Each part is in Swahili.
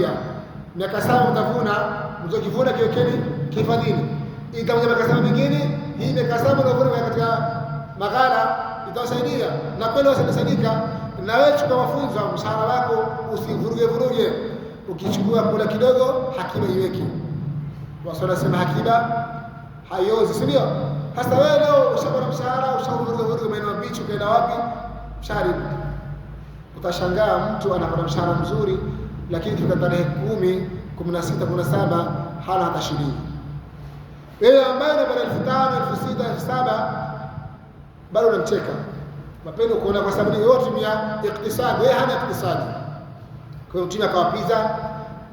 kuhifadhia. Miaka saba mtavuna, mzokivuna kiwekeni kihifadhini, itakuja miaka saba mingine. Hii miaka saba mtavuna katika maghala itawasaidia, na kweli wasaidika. Na wewe chukua mafunzo, mshahara wako usivuruge vuruge. Ukichukua kula kidogo, hakiba iweki. Waswahili wanasema hakiba haiozi, si ndio? Hasa wewe leo na mshahara, ushavuruga vuruge, umeenda bichi, ukaenda wapi? Mshahara utashangaa mtu anapata mshahara mzuri lakini kifika tarehe kumi, kumi na sita, kumi na saba hana hata shilingi. Wewe ambaye unapata elfu tano, elfu sita, elfu saba bado unamcheka mapendo kuona, kwa sababu yote tumia iktisadi, yeye hana iktisadi. Kwa hiyo mtume akawapiza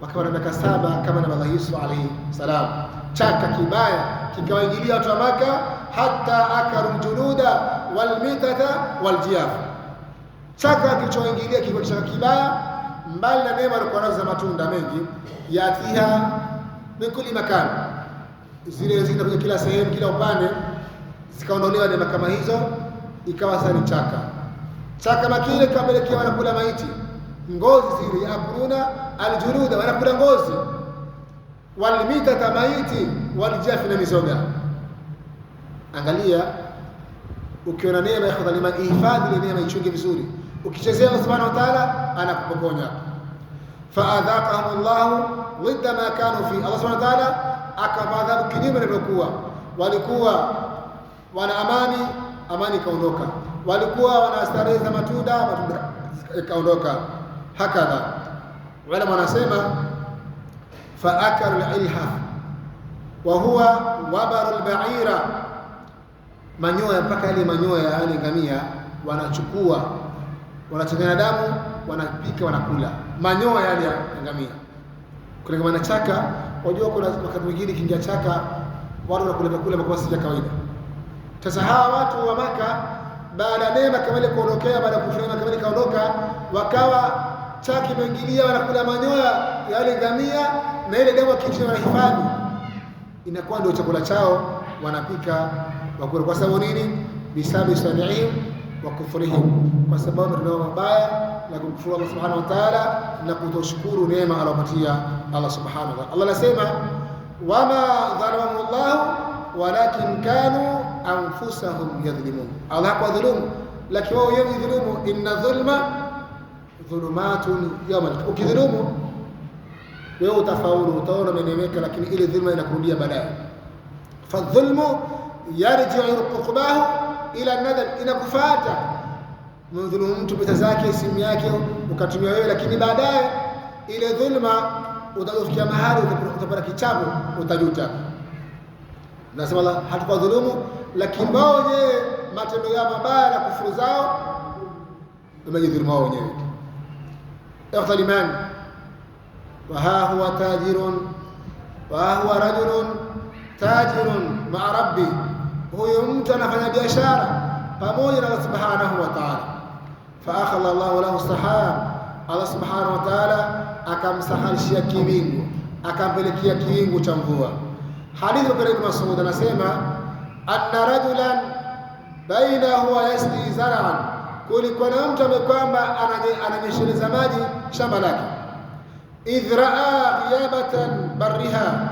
wakawa na miaka saba kama na baba Yesu alayhi salam. Chaka kibaya kikawaingilia watu wa Maka, hata akaru juluda walmitata waljiyaf. Chaka kilichoingilia kilikuwa chaka kibaya mbali na neema alikuwa nazo za matunda mengi, yatiha min kulli makan, zile zinakuja kila sehemu, kila upande, zikaondolewa neema kama hizo, ikawa sasa ni chaka chaka makile, kampelekea wanakula maiti, ngozi zile, yakuluna aljuruda, wanakula ngozi, walmitata maiti, waljafi na mizoga. Angalia, ukiona neema ya khadhalima, ihifadhi ile neema, ichunge vizuri. Ukichezea Allah subhanahu wa ta'ala, anakupokonya faadhaqahum llahu dhidda ma kanu fi Allah subhanahu wa ta'ala akawaadhabu kinyume walivyokuwa. Walikuwa wana amani, amani ikaondoka, walikuwa wana starehe matunda, matunda ikaondoka. Hakadha ulama wanasema faakalu lilha wa huwa wabaru lbaira, manyoya mpaka yale manyoya yale ngamia wanachukua, wanachanganya damu, wanapika, wanakula manyoya yale ya ngamia. Kuna kama na chaka, wajua kuna wakati mwingine kingia chaka watu wanakula vyakula ambavyo si vya kawaida. Sasa hawa watu wa Maka baada ya neema kamili kuondokea, baada ya kufanya kamili kaondoka, wakawa chaki imeingilia, wanakula manyoya ya yale ngamia, na ile damu kitu wanahifadhi, inakuwa ndio chakula chao, wanapika wakula. Kwa sababu nini? bisabi sanihim wa kufurihim, kwa sababu ndio mabaya na kumshukuru Allah subhanahu wa ta'ala na kutoshukuru neema alopatia Allah subhanahu wa ta'ala. Allah anasema wama dhalamahullah walakin kanu anfusahum yadhlimun, Allah hakuwadhulumu lakini wao wenyewe dhulumu. Inna dhulma dhulumatun yawma ukidhulumu wewe utafaulu, utaona umenemeka, lakini ile dhulma inakurudia baadaye. Fadhulmu yarji'u uqbahu ila nadam, inakufuata umemdhulumu mtu pesa zake, simu yake ukatumia wewe, lakini baadaye ile dhulma utafikia mahali utapata kichapo, utajuta. Nasema la dhulumu lakini wao wenyewe matendo yao mabaya na kufuru zao wamejidhulumu wao wenyewe. Ikhtal iman wa ha huwa tajirun wa huwa rajulun tajirun maa rabbi, huyo mtu anafanya biashara pamoja na Allah subhanahu wa ta'ala faakhala Allahu lahu sahab, Allah subhanahu wa ta'ala akamsahalishia kiwingu, akampelekea kiwingu cha mvua. Hadithi ya Ibn Mas'ud anasema anna rajulan baina huwa yasqi zar'an, kulikuwa na mtu amekwamba kwamba ananyesheleza maji shamba lake. Idh raa ghiyabatan barriha,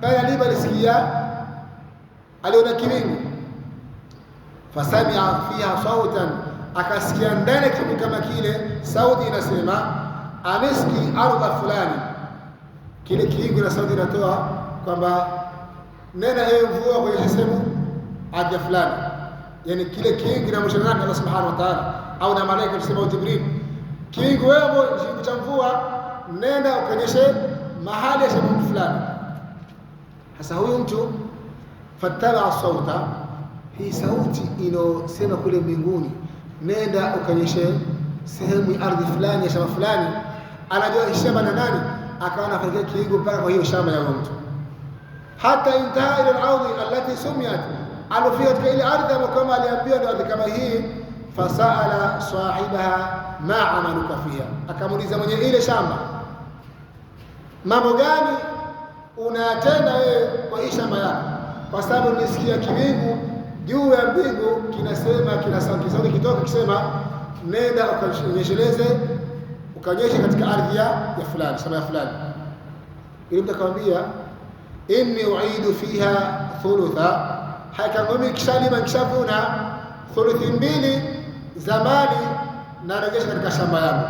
pale alipolisikia aliona kiwingu, fasamia fiha sautan akasikia ndani kitu kama kile Saudi inasema ameski ardha fulani. Kile kiingo na Saudi inatoa kwamba nena hiyo mvua kwenye sehemu ardhi fulani, yani kile kiingo na mshirika Allah subhanahu wa ta'ala, au na malaika kusema Jibril, kiingo wewe kiingo cha mvua, nenda ukanyeshe mahali ya sehemu fulani. Sasa huyu mtu fataba sauta, hii sauti inosema kule mbinguni nenda ukanyeshe sehemu ya ardhi fulani ya shamba fulani, anajua shamba na nani, akawa anafanyia kiigo mpaka kwa hiyo shamba ya mtu, hata intaha ila al-ardhi allati sumiat, alofika katika ile ardhi ambayo kama aliambiwa ndio ardhi kama hii. Fasala sahibaha ma amaluka fiha, akamuuliza mwenye ile shamba, mambo gani unayatenda wewe kwa hii shamba yako? Kwa sababu nisikia kiwingu juu ya mbingu kinasema kina sauti sauti kitoka kisema nenda ukanyesheleze ukanyeshe katika ardhi ya ya fulani sema ya fulani ili mtu akamwambia inni uidu fiha thulutha haikangumi kishalima kishavuna thuluthi mbili za mali na rejesha katika shamba yangu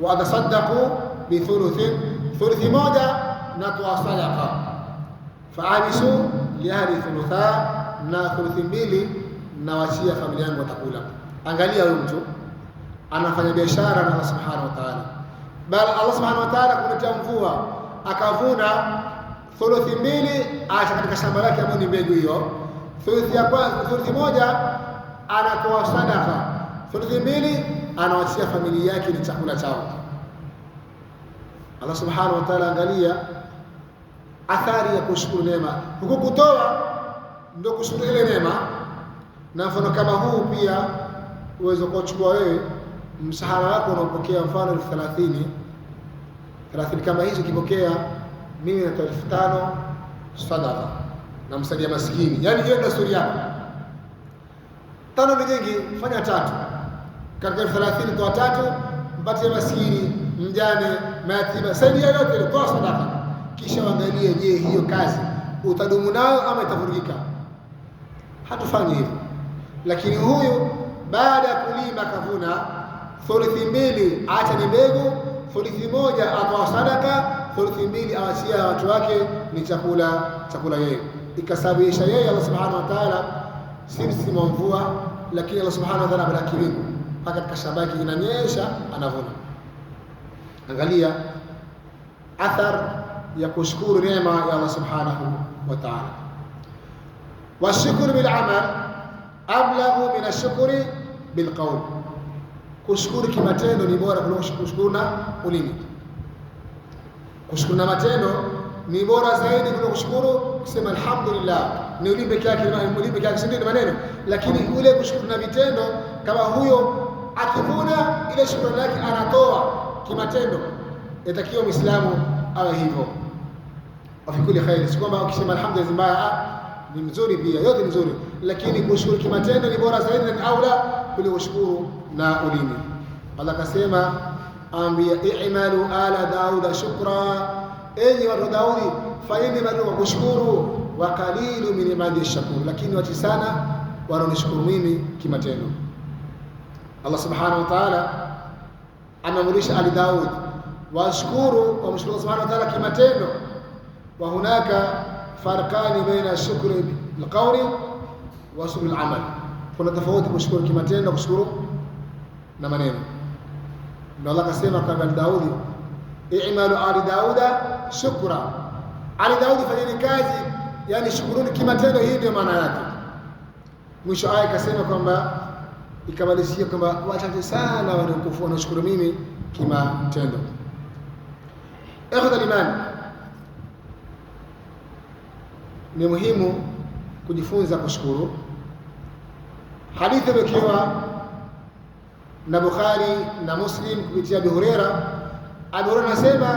wa atasaddaqu bithuluthin thuluthi moja na toa sadaqa faamisu liari yaani thulutha, na thuluthi mbili na washia familia yangu watakula. Angalia huyu mtu anafanya biashara na Allah subhanahu wa ta'ala, bal Allah subhanahu wa ta'ala kumletea mvua akavuna thuluthi mbili, acha katika shamba lake ambayo ni mbegu hiyo. Thuluthi ya kwanza, thuluthi moja anatoa sadaka, thuluthi mbili anawachia familia yake ni chakula chao. Allah subhanahu wa ta'ala, angalia athari ya kushukuru neema. Huku kutoa ndio kushukuru ile neema, na mfano kama huu pia uweze kuchukua wewe mshahara wako unaopokea, mfano elfu thelathini thelathini kama hizo, ukipokea mimi natoa elfu tano sadaka na msaidia maskini, Yani hiyo suri yako. Tano ni nyingi, fanya tatu katika elfu thelathini toa tatu, mpatie maskini, mjane, mayatima, saidia yote, toa sadaka kisha waangalie, je, hiyo kazi utadumu nayo ama itavurugika? Hatufanyi hivyo. Lakini huyu baada ya kulima akavuna, thuluthi mbili acha ni mbegu, thuluthi moja atoa sadaka, thuluthi mbili awasia watu wake ni chakula chakula yeye, ikasababisha yeye Allah subhanahu wa ta'ala si mvua, lakini Allah subhanahu wa ta'ala bariki kilimo mpaka kashabaki inanyesha, anavuna. Angalia athar ya kushukuru neema ya Allah subhanahu wa ta'ala. Washukuru bil amal ablahu min ashukuri bil qawl, kushukuru kimatendo ni bora kuliko kushukuru na ulimi. Kushukuru na matendo ni bora zaidi kuliko kushukuru kusema alhamdulillah ni ulimi pekee yake, ulimi pekee yake si ndio maneno, lakini ule kushukuru na vitendo, kama huyo akivuna ile shukrani yake anatoa kimatendo, yatakiwa Muislamu awe hivyo. Wafikuli khairi, si kwamba ukisema alhamdulillah mbaya, ah, ni mzuri pia, yote mzuri, lakini kushukuru kimatendo ni bora zaidi na aula kuliko kushukuru na ulimi. Allah akasema ambia i'malu ala daud shukra, enyi watu wa Daudi, fanyeni mambo kwa kushukuru, wa qalilu min ibadi shakuru, lakini wachi sana wanaonishukuru mimi kimatendo. Allah subhanahu wa ta'ala anamrudisha Ali Daudi washukuru kwa mshukuru subhanahu wa ta'ala kimatendo. Wa hunaka farqani baina shukri alqawli wa shukri alamal, kuna tofauti kushukuru kimatendo, kushukuru na maneno. Ndio Allah kasema kwa Daudi, i'malu ali dauda shukra, ali Daudi fanyeni kazi, yani shukuruni kimatendo. Hii ndio maana yake. Mwisho aya ikasema kwamba ikamalizia kwamba wachache sana wanaokufu wanashukuru mimi kimatendo. Ikhwa imani, ni muhimu kujifunza kushukuru. Hadithi imekiwa na Bukhari na Muslim kupitia Abu Huraira. Abu Huraira anasema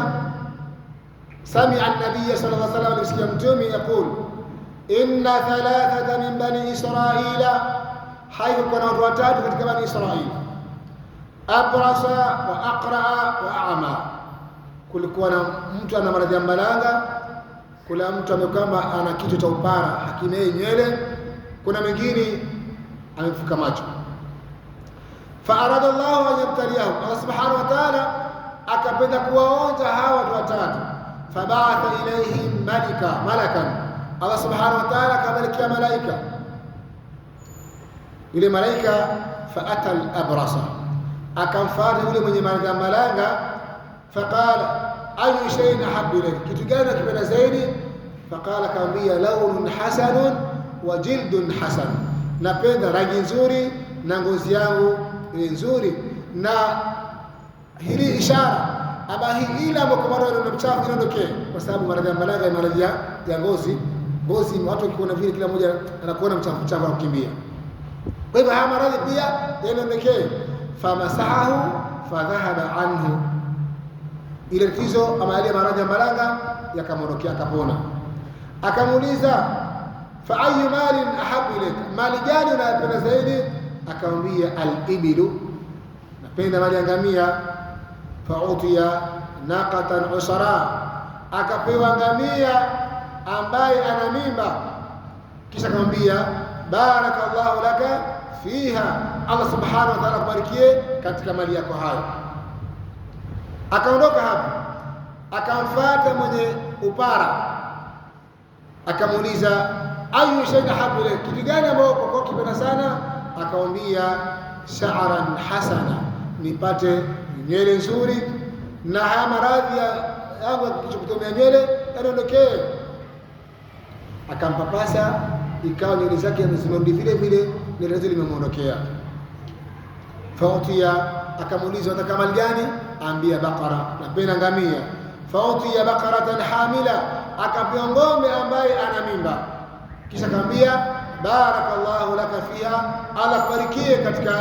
samia an-nabiy sallallahu alayhi wasallam, alisikia mtume yakul inna thalathata min bani israila, haiko kuna watu watatu katika bani Israili, abrasa wa aqraa wa a'ma kulikuwa na mtu ana maradhi ya mbalanga, kuna mtu amekwamba ana kitu cha upara hakimei nywele, kuna mwingine amefuka macho. Fa arada Allahu an yabtaliahu, Allah subhanahu wa ta'ala akapenda kuwaonja hawa watu watatu. Fabaatha ilayhim malika malakan, Allah subhanahu wa ta'ala akabarikia malaika yule malaika. Faata al abrasa, akamfuata yule mwenye maradhi ya mbalanga faqala ayu shay'in ahabbu ilayka, kitu gani nakipenda zaidi? Faqala, kaambia launun hasanun wa jildun hasan, napenda rangi nzuri na ngozi yangu ni nzuri. Na hili ishara ama hii ile ambayo kwa maana mchafu inaondokea, kwa sababu maradhi ya balagha ni maradhi ya ngozi. Ngozi watu wakiona vile, kila mmoja anakuona mchafu chafu, anakimbia. Kwa hivyo haya maradhi pia yanaondokea. Famasahahu fadhahaba anhu ile tatizo ama yale maradhi ya maranga yakamwondokea akapona. Akamuuliza, fa ayu malin ahabu ilaika, mali gani unayopenda zaidi? Akamwambia, alibilu, napenda mali ya ngamia. Fautiya naqatan usara, akapewa ngamia ambaye ana mimba. Kisha akamwambia, baraka llahu laka fiha, Allah subhanahu wa ta'ala akubarikie katika mali yako hayo. Akaondoka hapo akamfuata mwenye upara akamuuliza, ayu shay'in habu ile, kitu gani ambao kwa kipenda sana? Akamwambia sha'ran hasana, nipate nywele nzuri na haya maradhi yangu yakichokutomea nywele yaniondokee. Akampapasa, ikawa nywele zake zimerudi vile vile, nywele zile limemwondokea. Fautia akamuuliza, unataka mali gani? ambia bakara, napenda ngamia. Fautiya bakaratan hamila, akapewa ng'ombe ambaye ana mimba, kisha akaambia barakallahu laka fiha, Allah kubarikie katika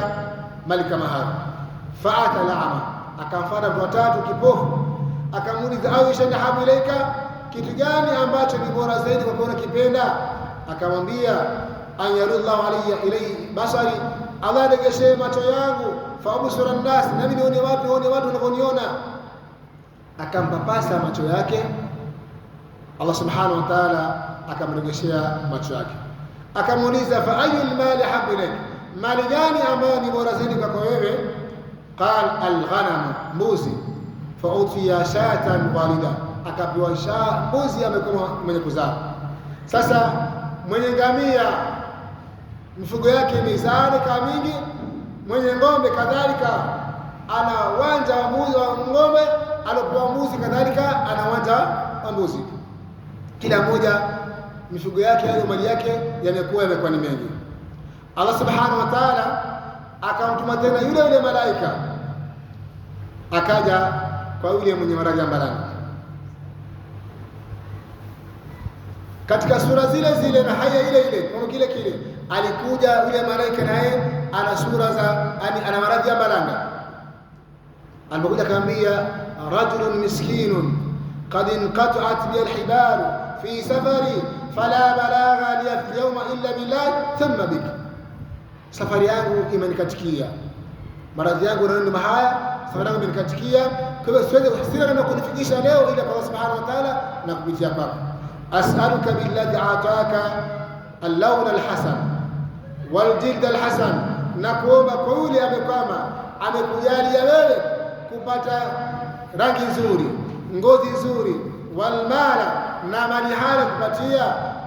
mali kama hayo. Faata lama, akamfuata kwa tatu kipofu, akamuuliza Aisha, ni ilaika, kitu gani ambacho ni bora zaidi kwa kuona kipenda? Akamwambia anyarudhu llahu alayya ilayhi basari Allah aregeshee macho yangu, faabsura nnas, nami nione watu, nione watu wanavyoniona. Akampapasa macho yake, Allah subhanahu wa ta'ala akamregeshea macho yake, akamuuliza fa ayu lmali habu ilaik, mali gani ambayo ni bora zaidi kwako wewe? Qala alghanamu, mbuzi. Fautiya shatan walida, akapewa mbuzi amekoma mwenye kuzaa. Sasa mwenye ngamia mifugo yake mizani mingi mwenye ng'ombe kadhalika ana uwanja wa mbuzi wa ng'ombe, alopewa mbuzi kadhalika ana uwanja wa mbuzi. Kila mmoja mifugo yake hayo mali yake yamekuwa yamekuwa ni mengi. Allah subhanahu wa ta'ala akamtuma tena yule yule malaika akaja kwa yule mwenye maraja mbarani katika sura zile zile na haya ile ile kwa kile kile, alikuja yule malaika naye ana sura za ana maradhi ya balanga. Alipokuja akamwambia, rajulun miskinun qad inqata'at bi alhibal fi safari fala balagha li yawma illa billah thumma bik, safari yangu imenikatikia, maradhi yangu na ndio haya, safari yangu imenikatikia, kwa hivyo siwezi sina na kunifikisha leo ila kwa Allah subhanahu wa ta'ala na kupitia kwako as'aluka billadhi ataka al-lawn al-hasan wal na kuomba kwa yule amekwama amekujalia wewe kupata rangi nzuri, ngozi nzuri, walmala na mali hala kupatia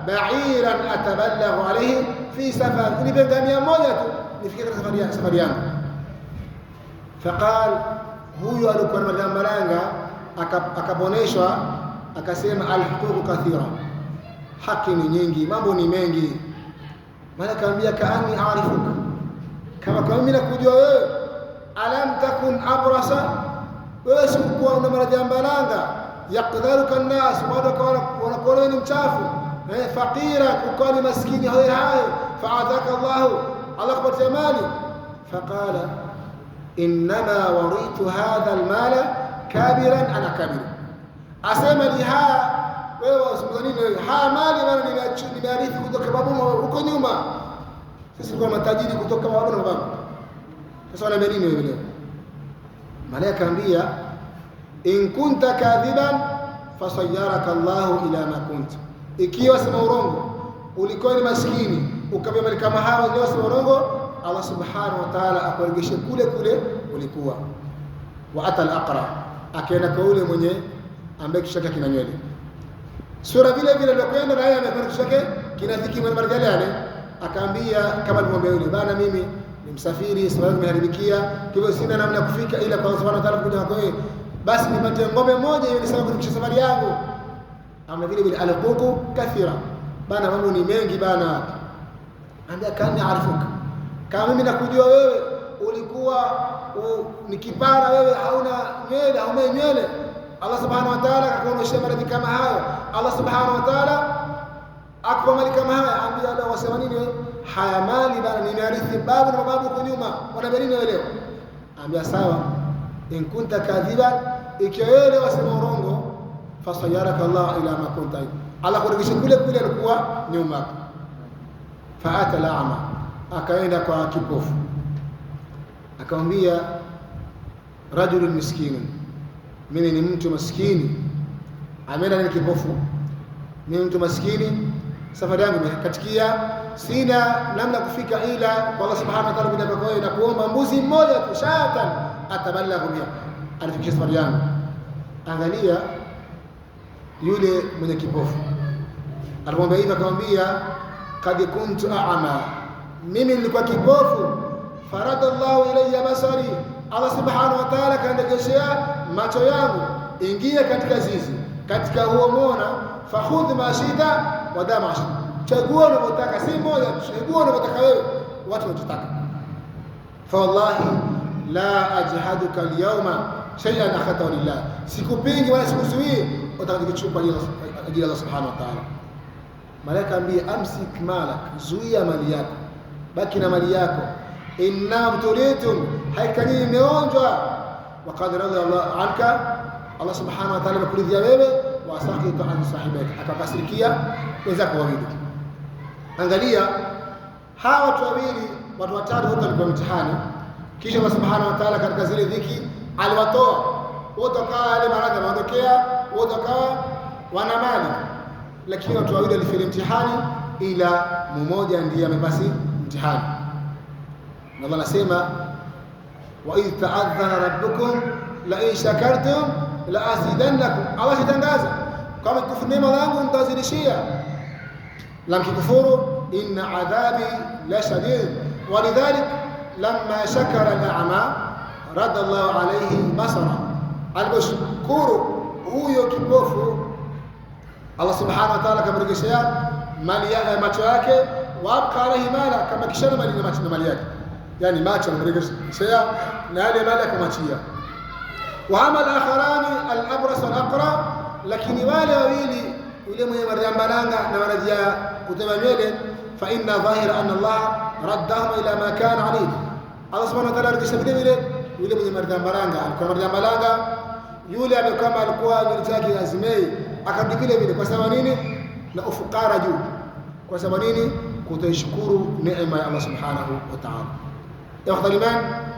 bairan ataballahu alayhi fi safar, nipe ngamia moja tu nifike katika safari yangu. Faqal, huyu alikuwa na malanga, akaponeshwa akasema, alhuququ kathira haki ni nyingi, mambo ni mengi. Maana kaambia kaani arifuka, kama kama mimi nakujua wewe. Alam takun abrasa, wewe sikuwa una marajambalanga yakdharuka nnas, watu wanakuona ni mchafu eh, faqira, ukawa ni maskini hayo hayo. Faadhaka Allahu, Allah kupatia mali. Faqala innama waritu hadha almala kabiran ana kabir, asema ni haya wewe unazungumza nini wewe? Haya mali bana, nimearithi kutoka babu huko nyuma. Sisi tulikuwa matajiri kutoka babu na babu. Sasa wanaambia nini wewe leo? Malaika akaambia in kunta kadhiban fasayyaraka Allahu ila ma kunt. ikiwa sema urongo, ulikuwa ni maskini ukaambia mali kama hawa ndio sema urongo, Allah subhanahu wa ta'ala akurejeshe kule kule ulikuwa. Wa atal aqra, akaenda kwa ule mwenye ambaye kishaka kina nywele sura vile vile ndokwenda na yeye amekuwa kishake kinafiki mwana marjalani akaambia kama nimwambia yule bana, mimi ni msafiri, sababu nimeharibikia hivyo sina namna ya kufika ila kwa Subhanahu wa Ta'ala kuja kwa yeye, eh, basi nipate ngombe moja hiyo sababu kufikisha safari yangu. Ama vile vile alikuku kathira bana, mambo ni mengi bana, ambia kani arifuka, kama mimi nakujua wewe, ulikuwa ni kipara wewe, hauna nywele, au mwenye nywele. Allah subhanahu taala akakuonyesha maradhi kama hayo. Allah subhanahu wa taala akupa mali kama haya, ambia Allah wasema nini? Haya mali bana nimerithi babu na babu huko nyuma, wanaambia na leo? Ambia sawa, in kunta kadhiba, ikiwa wewe leo wasema urongo, fasayaraka Allah ila ma kunta, Allah kurudisha kule kule alikuwa nyuma. Faata laama, akaenda kwa kipofu akamwambia rajulun miskinun, mimi ni mtu maskini ameenda ni kipofu, ni mtu maskini, safari yangu imekatikia, sina namna kufika ila kwa Allah subhanahu wa ta'ala, bila kwao na kuomba mbuzi mmoja tu, shatan atabalaghu biha, alifikisha safari yangu. Angalia yule mwenye kipofu alimwambia hivi, akamwambia kad kuntu a'ma, mimi nilikuwa kipofu, farada Allahu ilayya basari, Allah subhanahu wa ta'ala kaendegeshea macho yangu, ingia katika zizi katika huo mona, fakhudh ma shita wa da ma shita, chagua unavyotaka, si moja, chagua unavyotaka wewe, watu wanachotaka. Fa wallahi la ajhaduka alyawma shay'an akhata lillah, sikupingi wala sikuzuii, utakachokichupa ajili Allah subhanahu wa ta'ala. Malaika ambie amsik malak, zuia mali yako, baki na mali yako. Inna mtulitum, hakika nyinyi mmeonjwa. Waqad radhiya Allah anka Allah subhanahu wa ta'ala amekuridhia wewe, wasakita an sahibika, akakasirikia wenzako wawili. Angalia hawa watu wawili, watu watatu wote walikuwa mtihani, kisha Allah subhanahu wa ta'ala katika zile dhiki aliwatoa wote, wakawa yale maradhi yanaondokea, wote wakawa wana mali, lakini watu wawili walifeli mtihani, ila mmoja ndiye amepasi mtihani. Na Allah anasema wa idh ta'adhana rabbukum la in shakartum la azidannakum, Allah atangaza kama kufuru neema langu nitazidishia, la mkikufuru, inna adhabi la shadid. Walidhalik lamma shakara naama radda Allahu alayhi basara, aliposhukuru huyo kipofu Allah subhanahu wa ta'ala akamrejeshea mali ya macho yake, wa abqa alayhi mala, kama kishana mali na mali yake, yani macho akamrejeshea na yale mali akamwachia wa ama al-akharani al-abras wal aqra, lakini wale wawili yule mwenye marambalanga na wanavia kutema nywele, fa inna dhahira anna Allah raddahum ila ma kana alayhi. Allah subhanahu wa ta'ala arudisha vile vile yule mwenye marambalanga, alikuwa marambalanga yule amekama, alikuwa nywele zake azimei, akarudi vile vile. Kwa sababu nini? Na ufukara juu. Kwa sababu nini? Kutoishukuru neema ya Allah subhanahu wa ta'ala. Ikhwan